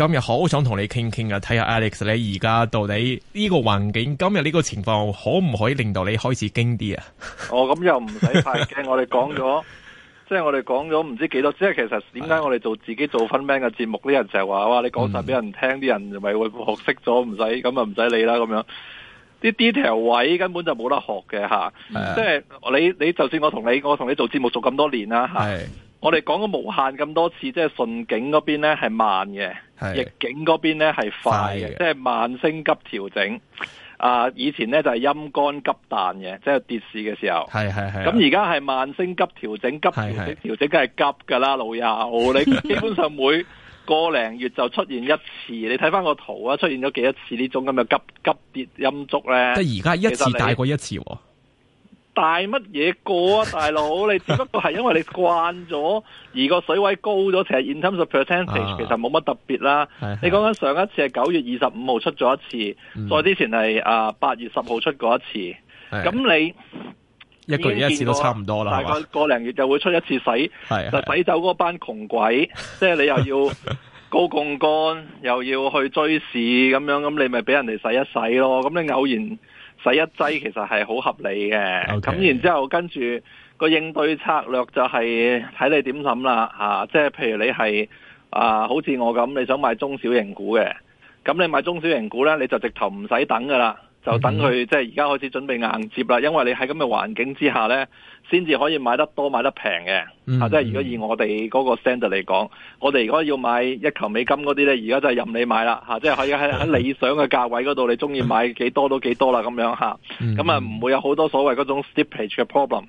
今日好想同你傾傾啊！睇下 Alex 你而家到底呢個環境，今日呢個情況，可唔可以令到你開始驚啲啊？ 哦，咁又唔使太驚。 我哋講咗，即係我哋講咗唔知幾多。即係其實點解我哋做自己做分班嘅節目，啲人成日話：哇，你講晒俾人聽，啲、嗯、人咪會學識咗，唔使咁啊，唔使理啦咁樣。啲 detail 位根本就冇得學嘅吓， Evet 即係你你就算我同你，我同你做節目做咁多年啦吓。cigar intentar : sized 我哋講咗無限咁多次，即係順景嗰邊咧係慢嘅，的逆境嗰邊咧係快嘅，快的即係慢升急調整。啊、呃，以前咧就係陰乾急彈嘅，即係跌市嘅時候。係係係。咁而家係慢升急調整，急調整調整梗係急噶啦，老友，的你基本上每個零月就出現一次。 你睇翻個圖啊，出現咗幾多次呢種咁嘅急急跌陰燭咧？即係而家一次大過一次，哦。大乜嘢過啊，大佬！你只不過係因為你慣咗，而個水位高咗，其實 in terms of percentage 其實冇乜特別啦。啊、你講緊上一次係九月二十五號出咗一次，嗯、再之前係啊八月十號出過一次。咁、嗯、你的一個月一次都差唔多啦，大概個零月就會出一次洗，的就洗走嗰班窮鬼。的即係你又要高槓桿， 又要去追市咁樣，咁你咪俾人哋洗一洗咯。咁你偶然洗一劑其實係好合理嘅，咁 Okay. 然之後跟住個應對策略就係睇你點諗啦嚇，即係譬如你係啊，好似我咁，你想買中小型股嘅，咁你買中小型股咧，你就直頭唔使等噶啦。Mm hmm. 就等佢即係而家開始準備硬接啦，因為你喺咁嘅環境之下呢，先至可以買得多買得平嘅、mm hmm. 啊、即係如果以我哋嗰個 standard 嚟講，我哋如果要買一球美金嗰啲呢，而家就係任你買啦嚇、啊，即係可以喺理想嘅價位嗰度，你中意買幾多都幾多啦咁樣嚇。咁啊唔、嗯 hmm. 嗯 hmm. 會有好多所謂嗰種 slippage 嘅 problem。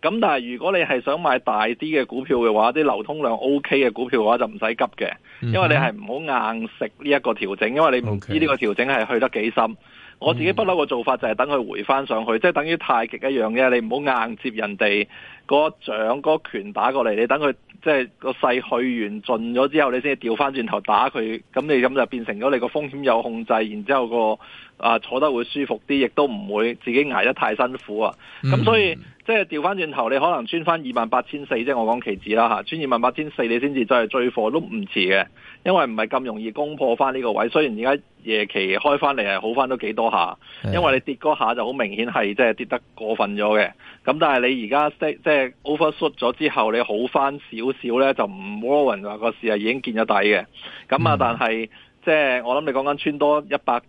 咁但係如果你係想買大啲嘅股票嘅話，啲流通量 OK 嘅股票嘅話就唔使急嘅，因為你係唔好硬食呢一個調整，因為你唔知呢個調整係去得幾深。我自己不嬲嘅做法就係等佢回翻上去，即係等於太極一樣嘅。你唔好硬接人哋個掌、個拳打過嚟，你等佢即係個勢去完盡咗之後，你先至調翻轉頭打佢。咁你咁就變成咗你個風險有控制，然之後、嗰個。啊，坐得會舒服啲，亦都唔會自己捱得太辛苦啊！咁、嗯、所以即係調翻轉頭，你可能穿翻二萬八千四，即係我講期指啦嚇，穿二萬八千四你先至真係追貨都唔遲嘅，因為唔係咁容易攻破翻呢個位。雖然而家夜期開翻嚟係好翻都幾多下，的因為你跌嗰下就好明顯係即係跌得過分咗嘅。咁、嗯、但係你而家即係 over shot 咗之後，你好翻少少咧，就唔好話個市係已經見咗底嘅。咁、嗯、啊，但係即係我諗你講緊穿多一百。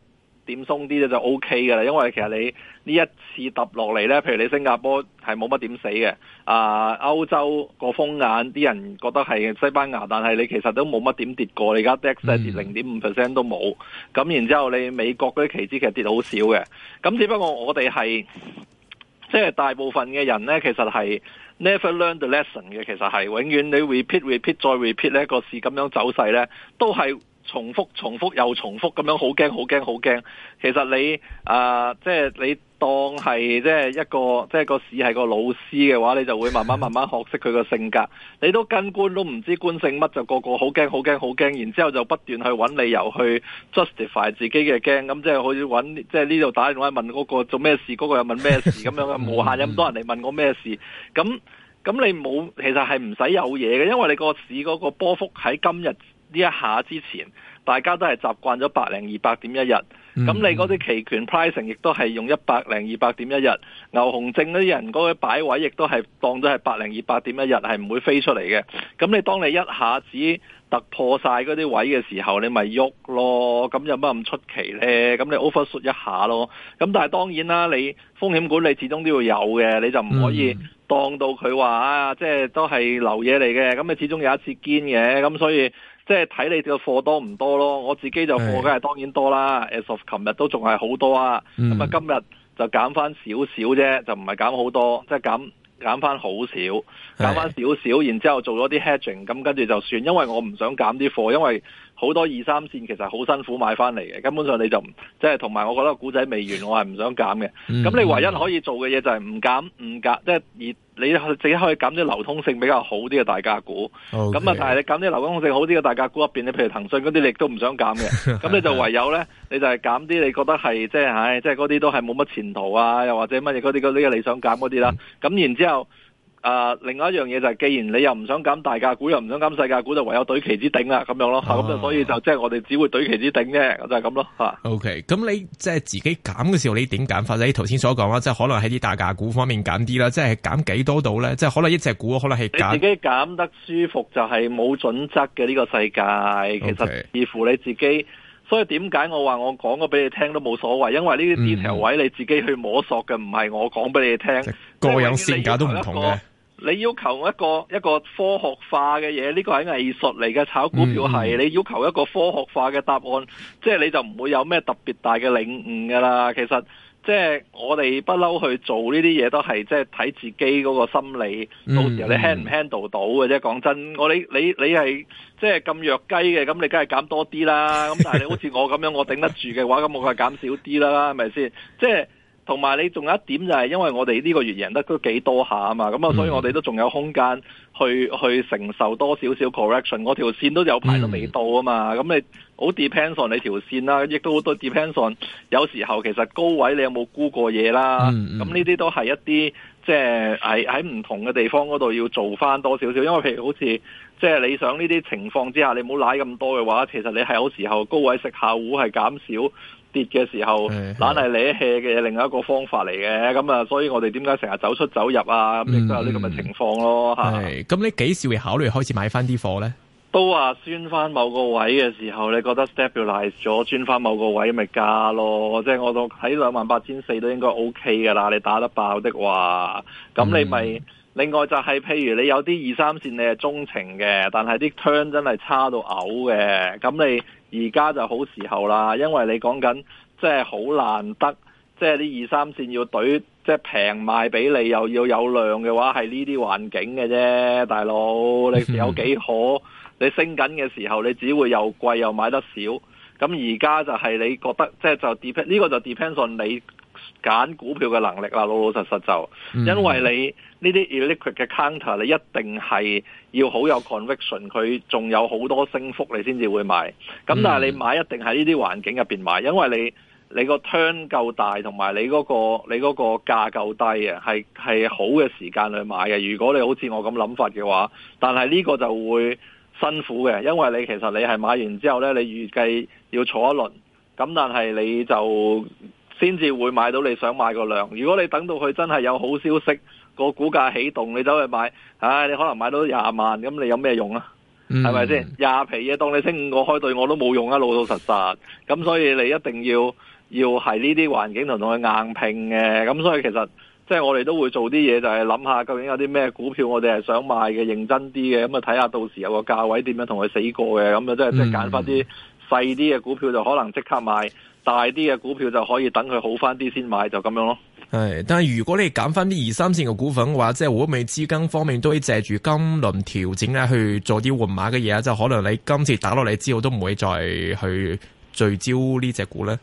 點鬆啲啫就 OK 嘅啦，因為其實你呢一次揼落嚟咧，譬如你新加坡係冇乜點死嘅，啊、呃、歐洲個風眼啲人覺得係西班牙，但係你其實都冇乜點跌過，你而家 Dex 跌零點五 percent 都冇，咁然之後你美國嗰啲期指其實跌到好少嘅，咁只不過我哋係即係大部分嘅人咧，其實係 never learn the lesson 嘅，其實係永遠你 repeat repeat 再 repeat 呢個市咁樣走勢咧都係。重複重複又重複咁樣好驚好驚好驚，其實你啊、呃，即係你當係即係一個即係個市係個老師嘅話，你就會慢慢慢慢學識佢個性格。你都跟官都唔知官姓乜，就個個好驚好驚好驚，然之後就不斷去揾理由去 justify 自己嘅驚，咁即係好似揾即係呢度打電話問嗰個做咩事，嗰、嗰個又問咩事咁樣嘅，無限咁多人嚟問我咩事，咁咁你冇其實係唔使有嘢嘅，因為你個市嗰個波幅喺今日。呢一下之前，大家都係習慣咗百零二百點一日，咁、嗯、你嗰啲期權 pricing 亦都係用一百零二百點一日，牛熊證嗰啲人嗰個擺位亦都係當咗係百零二百點一日，係唔會飛出嚟嘅。咁你當你一下子突破晒嗰啲位嘅時候，你咪喐咯，咁有乜咁出奇咧？咁你 overshoot 一下咯。咁但係當然啦，你風險管理始終都要有嘅，你就唔可以當到佢話啊，即係都係流嘢嚟嘅。咁你始終有一次堅嘅，咁所以。即係睇你哋嘅貨多唔多咯，我自己就貨梗係當然多啦。as of 琴日都仲係好多啊，咁啊、嗯、今日就減翻少少啫，就唔係減好多，即係減減翻好少，減翻少少，然之後做咗啲 hedging，咁跟住就算，因為我唔想減啲貨，因為。好多二三線其實好辛苦買翻嚟嘅，根本上你就唔即係，同埋我覺得股仔未完，我係唔想減嘅。咁、嗯、你唯一可以做嘅嘢就係唔減唔減，即係而你自己可以減啲流通性比較好啲嘅大價股。咁啊，但係你減啲流通性好啲嘅大價股入邊你譬如騰訊嗰啲，你亦都唔想減嘅。咁 你就唯有咧，你就係減啲你覺得係即係唉，即係嗰啲都係冇乜前途啊，又或者乜嘢嗰啲嗰啲你想減嗰啲啦。咁、嗯、然之後。誒、呃，另外一樣嘢就係，既然你又唔想減大價股，又唔想減世界股，就唯有懟期指頂啦，咁樣咯。咁就、啊啊、所以就即係、就是、我哋只會懟期指頂啫，就係、是、咁咯。OK，咁你即係、就是、自己減嘅時候，你點減法你頭先所講啦，即、就、係、是、可能喺啲大價股方面減啲啦，即係減幾多度呢？即係可能一隻股可能係自己減得舒服就係冇準則嘅呢個世界，其實視乎你自己。所以點解我話我講過俾你聽都冇所謂？因為呢啲 detail 位你自己去摸索嘅，唔係我講俾你聽，個人性格都唔同嘅。你要求一個一個科學化嘅嘢，呢、這個係藝術嚟嘅，炒股票係、嗯、你要求一個科學化嘅答案，即係你就唔會有咩特別大嘅領悟噶啦。其實即係我哋不嬲去做呢啲嘢，都係即係睇自己嗰個心理、理，到時候你 handle 唔 handle 到嘅啫。講真，我你你你係即係咁弱雞嘅，咁你梗係減多啲啦。咁但係你好似我咁樣， 我頂得住嘅話，咁我係減少啲啦，係咪先？即係。同埋你仲有一點就係，因為我哋呢個月贏得都幾多下啊嘛，咁啊，所以我哋都仲有空間去去承受多少少 correction，我條線都有排都未到啊嘛。咁你好 depends on 你條線啦、啊，亦都好多 depends on 有時候其實高位你有冇沽過嘢啦。咁呢啲都係一啲即係喺喺唔同嘅地方嗰度要做翻多少少，因為譬如好似即係你想呢啲情況之下，你冇瀨咁多嘅話，其實你係有時候高位食下糊係減少。跌嘅時候，懶係舐氣嘅，另一個方法嚟嘅。咁啊，所以我哋點解成日走出走入啊？咁亦都有呢咁嘅情況咯，吓。咁你幾時會考慮開始買翻啲貨咧？都話轉翻某個位嘅時候，你覺得 stabilize 咗，轉翻某個位咪加咯。即、就、係、是、我到喺兩萬八千四都應該 OK 噶啦，你打得爆的話，咁你咪。嗯、另外就係、是、譬如你有啲二三線你係鍾情嘅，但係啲 turn 真係差到嘔嘅，咁你。而家就好時候啦，因為你講緊即係好難得，即係啲二三線要對即係平賣俾你，又要有量嘅話，係呢啲環境嘅啫，大佬你有幾可？你升緊嘅時候，你只會又貴又買得少。咁而家就係你覺得即係就呢、呢個就 depends on 你。揀股票嘅能力啦，老老實實就，因為你呢啲 electric 嘅 counter，你一定係要好有 conviction，佢仲有好多升幅你先至會買。咁但係你買一定喺呢啲環境入邊買，因為你你個 turn 夠大，同埋你嗰個你嗰個價夠低啊，係係好嘅時間去買嘅。如果你好似我咁諗法嘅話，但係呢個就會辛苦嘅，因為你其實你係買完之後呢，你預計要坐一輪，咁但係你就。先至會買到你想買個量。如果你等到佢真係有好消息，個股價起動，你走去買，唉，你可能買到廿萬，咁你有咩用啊？係咪先廿皮嘢？當你升五個開對，我都冇用啊！老老實實。咁所以你一定要要係呢啲環境同同佢硬拼嘅。咁所以其實即係我哋都會做啲嘢，就係諗下究竟有啲咩股票我哋係想買嘅，認真啲嘅。咁啊睇下到時有個價位點樣同佢死過嘅。咁啊即係即係揀翻啲。Mm hmm. 細啲嘅股票就可能即刻買，大啲嘅股票就可以等佢好翻啲先買，就咁樣咯。係，但係如果你揀翻啲二三線嘅股份嘅話，即係活命資金方面都可以借住今輪調整咧，去做啲換馬嘅嘢啊。就可能你今次打落嚟之後，都唔會再去聚焦呢隻股咧。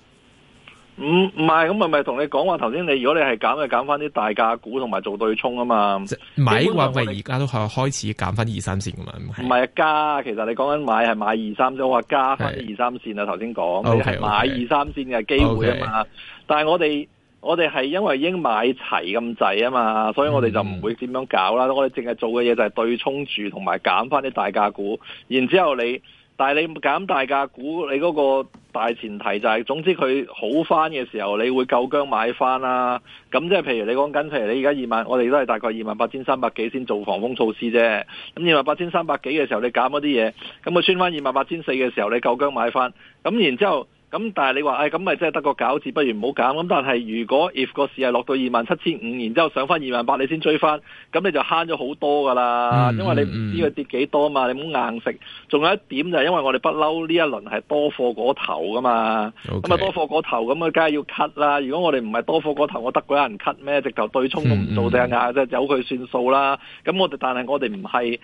唔唔係，咁咪咪同你講話頭先，你如果你係減，咪減翻啲大價股同埋做對沖啊嘛。買話咪而家都開開始減翻啲二三線噶嘛。唔係啊，加。其實你講緊買係買二三線，即係我話加翻啲二三線啊。頭先講你係買二三線嘅機會啊嘛。Okay, 但係我哋我哋係因為已經買齊咁滯啊嘛，所以我哋就唔會點樣搞啦。嗯、我哋淨係做嘅嘢就係對沖住同埋減翻啲大價股，然之後你。但係你減大價股，你嗰個大前提就係、是，總之佢好翻嘅時候，你會夠薑買翻啦。咁即係譬如你講緊譬如你而家二萬，我哋都係大概二萬八千三百幾先做防風措施啫。咁二萬八千三百幾嘅時候，你減嗰啲嘢，咁佢穿翻二萬八千四嘅時候，你夠薑買翻。咁然之後。咁、嗯嗯、但係，你話誒，咁咪真係得個餃子，不如唔好減。咁但係如果 if 個市係落到二萬七千五，然之後上翻二萬八，你先追翻，咁你就慳咗好多噶啦。嗯嗯、因為你唔知佢跌幾多嘛，你唔好硬食。仲有一點就係因為我哋不嬲呢一輪係多貨嗰頭噶嘛，咁啊 Okay. 多貨嗰頭咁啊，梗係要 cut 啦。如果我哋唔係多貨嗰頭，我得鬼人 cut 咩？直頭對沖都唔做定啊，即係走佢算數啦。咁我哋但係我哋唔係。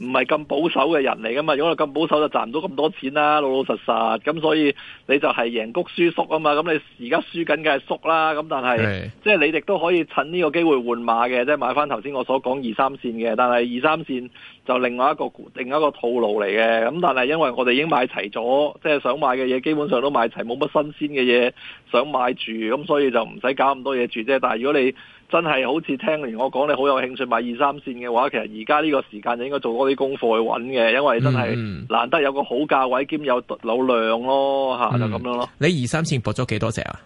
唔係咁保守嘅人嚟噶嘛，如果話咁保守就賺唔到咁多錢啦，老老實實咁，所以你就係贏谷輸縮啊嘛，咁你而家輸緊梗係縮啦，咁但係的即係你哋都可以趁呢個機會換馬嘅，即係買翻頭先我所講二三線嘅，但係二三線，就另外一個另外一個套路嚟嘅，咁但係因為我哋已經買齊咗，即係想買嘅嘢基本上都買齊，冇乜新鮮嘅嘢想買住，咁所以就唔使搞咁多嘢住啫。但係如果你真係好似聽完我講，你好有興趣買二三線嘅話，其實而家呢個時間就應該做多啲功課去揾嘅，因為真係難得有個好價位兼有流量咯，嚇、嗯、就咁樣咯。你二三線搏咗幾多隻啊？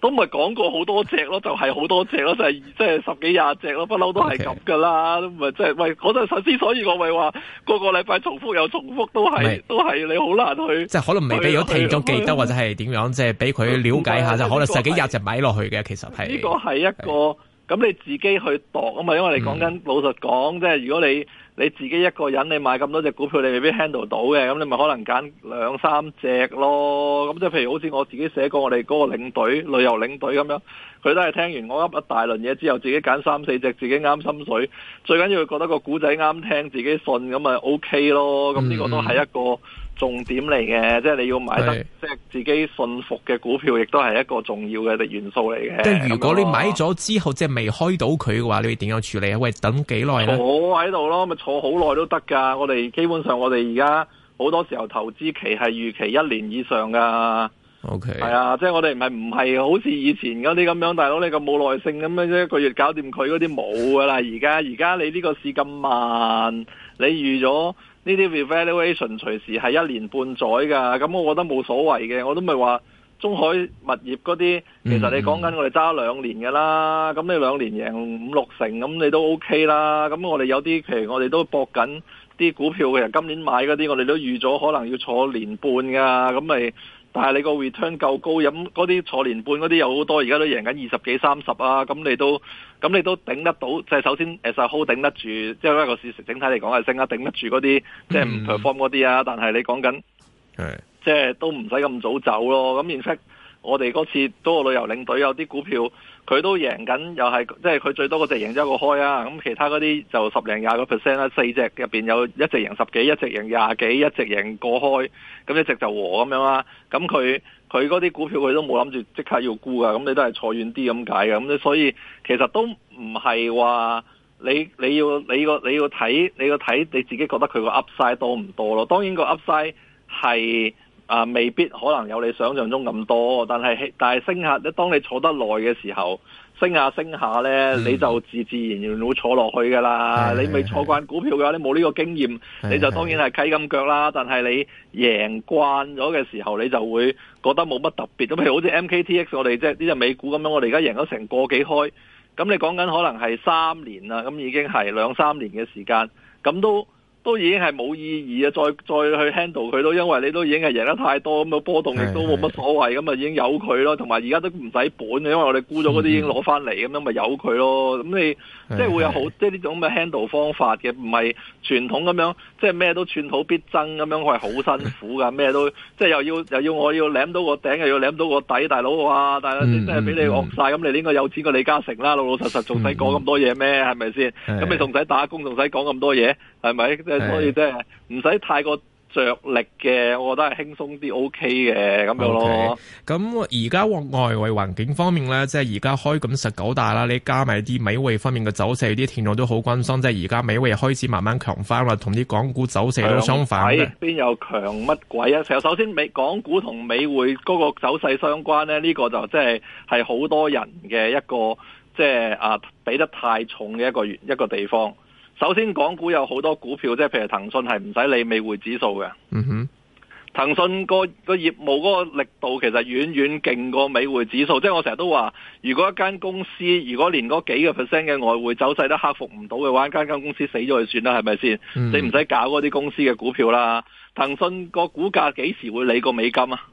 都咪講過好多隻咯，就係、是、好多隻咯，就係即係十幾廿隻咯，Okay. 不嬲都係咁㗎啦，咪即係喂嗰陣時之所以我咪話個個禮拜重複又重複，都係是都係你好難去。即係可能未俾咗聽，都是記得是或者係點樣，即係俾佢了解下、嗯嗯、就可能十幾廿隻買落去嘅，其實係呢個係一個咁是你自己去度啊嘛。因為你講緊、嗯、老實講，即係如果你。你自己一個人，你買咁多隻股票，你未必 handle 到嘅，咁你咪可能揀兩三隻咯。咁即係譬如好似我自己寫過，我哋嗰個領隊旅遊領隊咁樣，佢都係聽完我噏一大輪嘢之後，自己揀三四隻自己啱心水，最緊要佢覺得個古仔啱聽，自己信咁咪 OK 咯。咁呢個都係一個。嗯重點嚟嘅，即係你要買得即係自己信服嘅股票，亦都係一個重要嘅元素嚟嘅。即係如果你買咗之後，即係未開到佢嘅話，你會點樣處理啊？喂，等幾耐冇喺度咯，咪坐好耐都得噶。我哋基本上我哋而家好多時候投資期係預期一年以上噶。O K，係啊，即係我哋唔係唔係好似以前嗰啲咁樣，大佬你咁冇耐性咁樣一個月搞掂佢嗰啲冇噶啦。而家而家你呢個市咁慢，你預咗。呢啲 valuation 隨時係一年半載噶，咁我覺得冇所謂嘅。我都咪話中海物業嗰啲，其實你講緊我哋揸兩年噶啦，咁你兩年贏五六成，咁你都 OK 啦。咁我哋有啲譬如我哋都搏緊啲股票嘅人，今年買嗰啲，我哋都預咗可能要坐年半噶，咁咪。但係你個 return 夠高，咁嗰啲坐年半嗰啲有好多，而家都贏緊二十幾三十啊！咁你都咁你都頂得到，即係首先 as a whole 頂得住，即係個市整體嚟講係升啊，頂得住嗰啲即係唔 perform 嗰啲啊！但係你講緊，即係都唔使咁早走咯。咁認識我哋嗰次多個旅遊領隊有啲股票。佢都贏緊，又係即係佢最多嗰隻贏咗一個開啊！咁其他嗰啲就十零廿個 percent 啦。四隻入邊有一隻贏十幾，一隻贏廿幾，一隻贏過開，咁一隻就和咁樣啦、啊。咁佢佢嗰啲股票佢都冇諗住即刻要沽噶，咁你都係坐遠啲咁解嘅。咁你所以其實都唔係話你你要你個你要睇你要睇你，你自己覺得佢個 upside 多唔多咯？當然個 upside 係。啊，未必可能有你想象中咁多，但係，但係升下咧，當你坐得耐嘅時候，升下升下呢，嗯、你就自自然然會坐落去噶啦。的你未坐慣股票嘅話，的你冇呢個經驗，的你就當然係雞咁腳啦。的但係你贏慣咗嘅時候，你就會覺得冇乜特別。咁譬如好似 MKTX 我哋即係呢隻美股咁樣，我哋而家贏咗成個幾開，咁你講緊可能係三年啦，咁已經係兩三年嘅時間，咁都。都已經係冇意義啊，再再去 handle 佢咯，因為你都已經係贏得太多咁嘅波動，亦都冇乜所謂咁啊，已經有佢咯，同埋而家都唔使本，因為我哋沽咗嗰啲已經攞翻嚟咁樣，咪有佢咯。咁你即係會有好即係呢種咁嘅 handle 方法嘅，唔係傳統咁樣，即係咩都寸土必爭咁樣，係好辛苦噶。咩都即係又要又要我要擸到個頂，又要擸到個底，大佬哇，大佬你真係俾你惡晒。咁，你應該有錢過李嘉誠啦！老老實實仲使講咁多嘢咩？係咪先？咁你仲使打工，仲使講咁多嘢？係咪？即係所以即係唔使太過着力嘅，我覺得係輕鬆啲 OK 嘅咁樣咯。咁而家外圍環境方面咧，即係而家開咁十九大啦，你加埋啲美匯方面嘅走勢，啲電腦都好關心。即係而家美匯又開始慢慢強翻啦，同啲港股走勢都相反。邊又強乜鬼啊？其實首先美港股同美匯嗰個走勢相關咧，呢個就即係係好多人嘅一個即係啊，畀得太重嘅一個一個地方。首先，港股有好多股票，即係譬如騰訊係唔使理美匯指數嘅。嗯哼、mm，騰訊個個業務個力度其實遠遠勁過美匯指數。即係我成日都話，如果一間公司如果連嗰幾個 percent 嘅外匯走勢都克服唔到嘅話，間間公司死咗就算啦，係咪先？Mm hmm. 你唔使搞嗰啲公司嘅股票啦。騰訊個股價幾時會理個美金啊？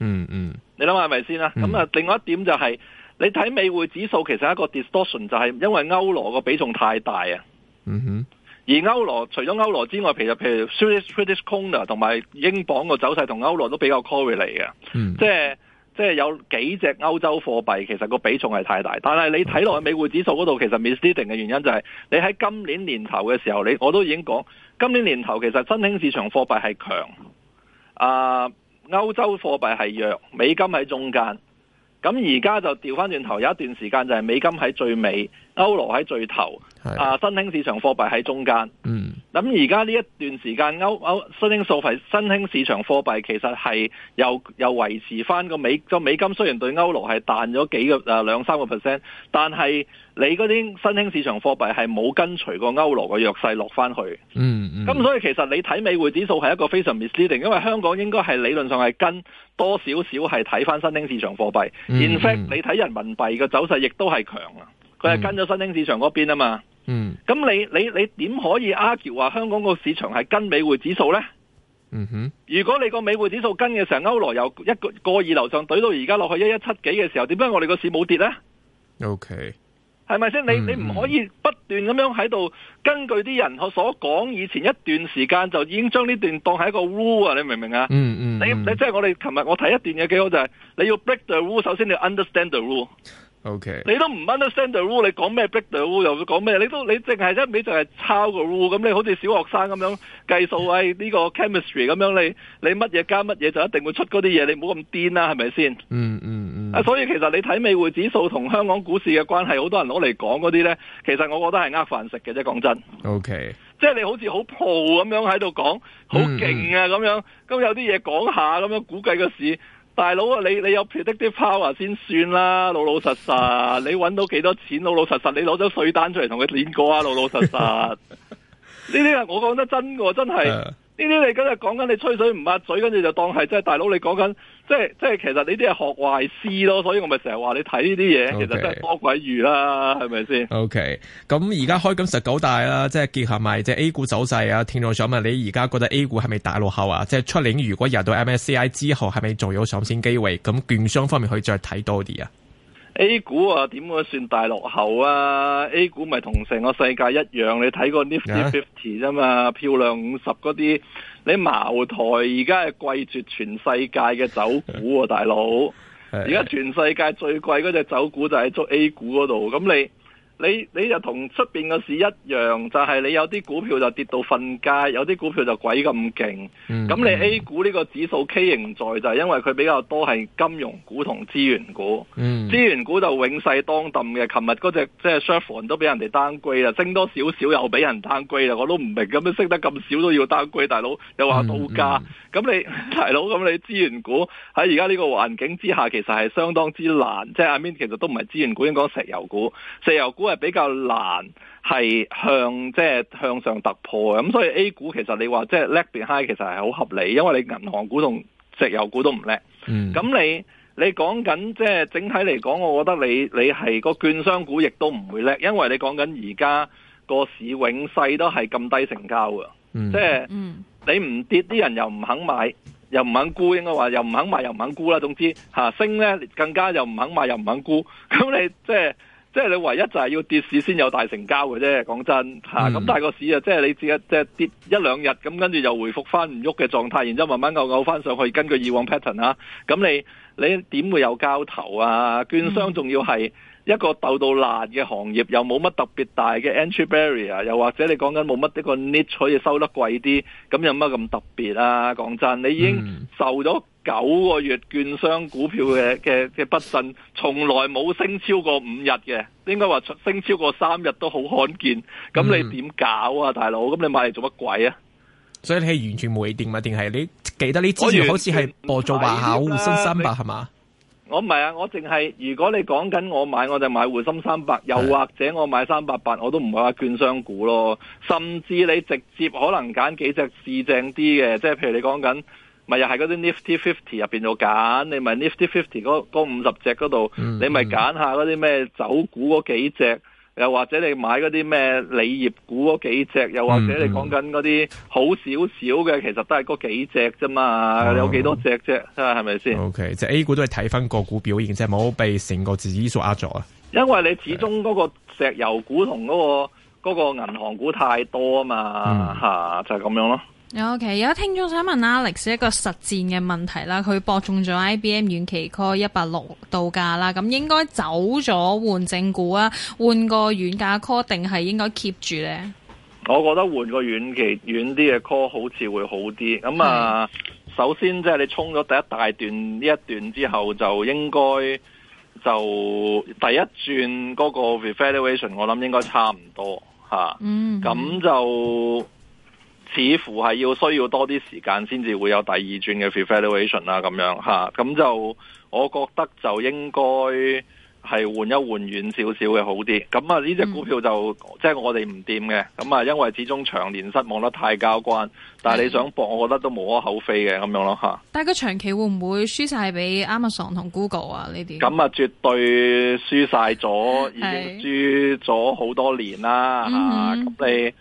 嗯嗯、mm，hmm. 你諗下係咪先啦？咁啊、mm，hmm. 另外一點就係、是、你睇美匯指數，其實一個 distortion 就係因為歐羅個比重太大啊。嗯哼，而歐羅除咗歐羅之外，其實譬如 Swedish Krona 同埋英鎊個走勢同歐羅都比較 correlated 嚟嘅，即係即係有幾隻歐洲貨幣其實個比重係太大，但係你睇落去美匯指數嗰度，其實 misleading 嘅原因就係、是、你喺今年年頭嘅時候，你我都已經講今年年頭其實新興市場貨幣係強，啊、呃、歐洲貨幣係弱，美金喺中間。咁而家就調返轉頭，有一段時間就係美金喺最尾，歐羅喺最頭，啊，新興市場貨幣喺中間。嗯。咁而家呢一段時間，歐歐新興數幣、新興市場貨幣其實係又又維持翻個美個美金，雖然對歐羅係彈咗幾個誒兩三個 percent，但係你嗰啲新興市場貨幣係冇跟隨個歐羅嘅弱勢落翻去嗯。嗯，咁所以其實你睇美匯指數係一個非常 misleading，因為香港應該係理論上係跟多少少係睇翻新興市場貨幣。嗯嗯、In fact，你睇人民幣嘅走勢亦都係強啊，佢係跟咗新興市場嗰邊啊嘛。嗯，咁你你你點可以 argue 話香港個市場係跟美匯指數呢？嗯哼，如果你個美匯指數跟嘅時候，歐羅由一個過二樓上懟到而家落去一一七幾嘅時候，點解我哋個市冇跌呢？OK，係咪先？你你唔可以不斷咁樣喺度根據啲人所講，以前一段時間就已經將呢段當係一個 rule 啊？你明唔明啊？嗯嗯，你你即係我哋琴日我睇一段嘢幾好就係、是，你要 break the rule 首先你要 understand the rule。OK，你都唔 understand the rule，你講咩 break the rule 又會講咩？你都你淨係一味就係抄個 rule，咁你好似小學生咁樣計數，誒呢個 chemistry 咁樣，你你乜嘢加乜嘢就一定會出嗰啲嘢，你唔好咁癲啦，係咪先？嗯嗯嗯。嗯嗯啊，所以其實你睇美匯指數同香港股市嘅關係，好多人攞嚟講嗰啲咧，其實我覺得係呃飯食嘅啫，講真。OK，即係你好似好 pro 咁樣喺度講，好勁啊咁樣，嗯嗯，咁有啲嘢講下咁樣，估計個市。大佬啊，你你有 predictive power 先算啦，老老實實，你搵到幾多錢，老老實實，你攞咗稅單出嚟同佢練過啊，老老實實，呢啲啊，我講得真嘅，真係，呢啲、uh. 你今日講緊你吹水唔抹嘴，跟住就當係真，大佬你講緊。即係即係，其實呢啲係學壞師咯，所以我咪成日話你睇呢啲嘢，Okay. 其實真係多鬼魚啦，係咪先？OK，咁而家開緊十九大啦，即係結合埋即係 A 股走勢啊。聽眾想問你，而家覺得 A 股係咪大落後啊？即係出年如果入到 MSCI 之後，係咪仲有上線機會？咁券商方面可以再睇多啲啊。A 股啊，點會算大落後啊？A 股咪同成個世界一樣，你睇個 Nifty Fifty 啫嘛，漂亮五十嗰啲。你茅台而家係貴絕全世界嘅酒股啊，大佬！而家 全世界最貴嗰隻酒股就喺做 A 股嗰度，咁你。你你就同出邊嘅市一樣，就係、是、你有啲股票就跌到瞓街，有啲股票就鬼咁勁。咁、嗯、你 A 股呢個指數 K 型在就係、是、因為佢比較多係金融股同資源股。嗯、資源股就永世當氹嘅。琴日嗰隻即係 Share Fund 都俾人哋單歸啦，升多少少又俾人單歸啦，我都唔明咁樣升得咁少都要單歸大佬又話到價，咁、嗯嗯、你大佬咁你資源股喺而家呢個環境之下其實係相當之難，即、就、係、是、阿 Min 其實都唔係資源股，應該石油股。石油股。比較難，係向即係向上突破嘅，咁、嗯、所以 A 股其實你話即係叻變 high，其實係好合理，因為你銀行股同石油股都唔叻。咁、嗯、你你講緊即係整體嚟講，我覺得你你係個券商股，亦都唔會叻，因為你講緊而家個市永世都係咁低成交㗎，即係、嗯即係、你唔跌，啲人又唔肯買，又唔肯沽，應該話又唔肯買，又唔肯，肯沽啦。總之吓、啊、升咧，更加又唔肯買，又唔肯沽，咁你即係。就是即係你唯一就係要跌市先有大成交嘅啫，講真吓，咁、啊、大個市啊，即係你只啊即係跌一兩日，咁跟住又回復翻唔喐嘅狀態，然之後慢慢拗拗翻上去，根據以往 pattern 啊，咁你你點會有交投啊？嗯、券商仲要係。一個鬥到爛嘅行業，又冇乜特別大嘅 entry barrier，又或者你講緊冇乜呢個 niche 可以收得貴啲，咁有乜咁特別啊？講真，你已經受咗九個月券商股票嘅嘅嘅不振，從來冇升超過五日嘅，應該話升超過三日都好罕見。咁你點搞啊，嗯、大佬？咁你買嚟做乜鬼啊？所以你係完全回電啊？定係你記得你之前好似係博做埋口信心吧？係嘛你？我唔係啊，我淨係如果你講緊我買，我就買滬深三百，又或者我買三百八，我都唔會話券商股咯。甚至你直接可能揀幾隻市正啲嘅，即係譬如你講緊，咪又係嗰啲 Nifty Fifty 入邊度揀，你咪 Nifty Fifty 嗰五十隻嗰度，你咪揀下嗰啲咩走股嗰幾隻。又或者你買嗰啲咩鋰業股嗰幾隻，又或者你講緊嗰啲好少少嘅，其實都係嗰幾隻啫嘛，嗯、有幾多隻啫，係咪先？OK，即係 A 股都係睇翻個股表現，即係冇被成個指數壓咗啊！因為你始終嗰個石油股同嗰、嗰個嗰、嗰個銀行股太多啊嘛，吓、嗯啊、就係、係、咁樣咯。有嘅，有、okay。而家聽眾想問 Alex 一個實戰嘅問題啦，佢博中咗 IBM 遠期 call 一百六到價啦，咁應該走咗換正股啊，換個遠價 call 定係應該 keep 住咧？我覺得換個遠期遠啲嘅 call 好似會好啲。咁啊，是首先即係、就是、你衝咗第一大段呢一段之後，就應該就第一轉嗰個 valuation，我諗應該差唔多吓。咁、啊嗯、就。嗯似乎係要需要多啲時間先至會有第二轉嘅 revaluation 啦，咁樣吓，咁就我覺得就應該係換一換軟少少嘅好啲。咁啊呢隻股票就、嗯、即係我哋唔掂嘅，咁啊因為始終長年失望得太交關。但係你想搏，我覺得都無可厚非嘅，咁樣咯、啊、吓。但係佢長期會唔會輸晒俾 Amazon 同 Google 啊？呢啲咁啊，絕對輸晒咗，已經輸咗好多年啦吓。咁的、啊、你。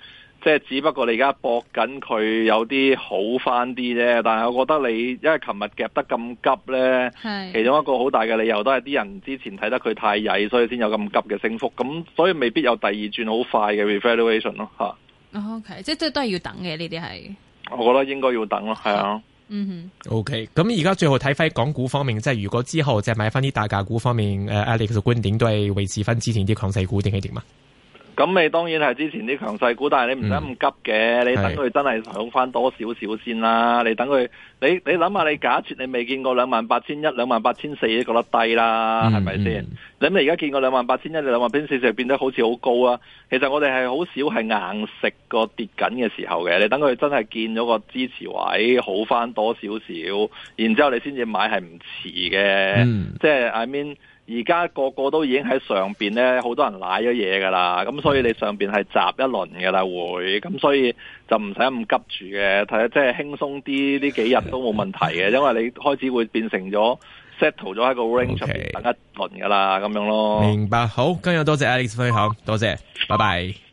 即係只不過你而家搏緊佢有啲好翻啲啫，但係我覺得你因為琴日夾得咁急咧，係是其中一個好大嘅理由都係啲人之前睇得佢太曳，所以先有咁急嘅升幅，咁所以未必有第二轉好快嘅 revaluation 咯、啊，吓。O K，即係即係都係要等嘅，呢啲係，我覺得應該要等咯，係、嗯、啊。嗯 O K，咁而家最後睇翻港股方面，即、就、係、是、如果之後再買翻啲大價股方面，誒、啊、Alex 嘅觀點都係維持翻之前啲強勢股定係點啊？咁你、嗯、當然係之前啲強勢股，但係你唔使咁急嘅，嗯、你等佢真係好翻多少少先啦。是你等佢，你你諗下，你假設你未見過兩萬八千一、兩萬八千四，你覺得低啦，係咪先？吧你咪而家見過兩萬八千一、兩萬八千四，就變得好似好高啊！其實我哋係好少係硬食個跌緊嘅時候嘅，你等佢真係見咗個支持位好翻多少少，然之後你先至買係唔遲嘅。嗯、即係 I mean。而家個個都已經喺上邊咧，好多人瀨咗嘢噶啦，咁所以你上邊係閘一輪噶啦會，咁所以就唔使咁急住嘅，睇下即係輕鬆啲呢幾日都冇問題嘅，因為你開始會變成咗 settle 咗喺個 range 上面等一輪噶啦，咁樣咯。明白，好，今日多謝，謝 Alex 分享好多謝，謝，拜拜。